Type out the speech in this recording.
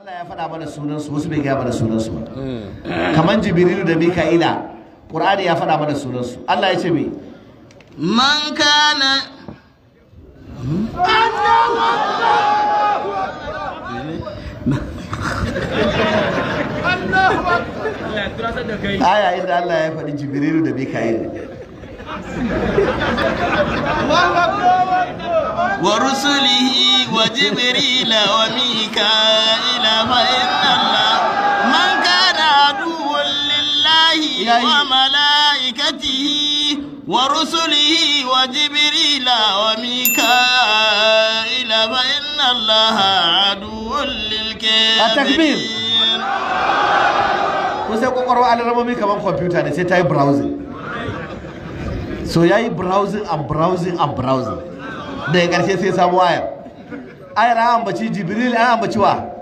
Allah ya faɗa mana sunansu wasu bai gaya mana sunansu ba kamar jibrilu da mika'ila qur'ani ya faɗa mana sunansu Allah ya ce me man kana Aya inda Allah ya faɗi jibrilu da mika'ila ورسله وجبريل وميكائيل فإن الله من كان عدوا لله وملائكته ورسله وجبريل وميكائيل فإن الله عدو للكافرين kun sai kokoro an rabo mai kamar kwamfuta ne sai ta yi browsing so ya yi browsing and browsing and browsing daga ƙarshe sai samu ayar ayar an ambaci jibril an ambaci wa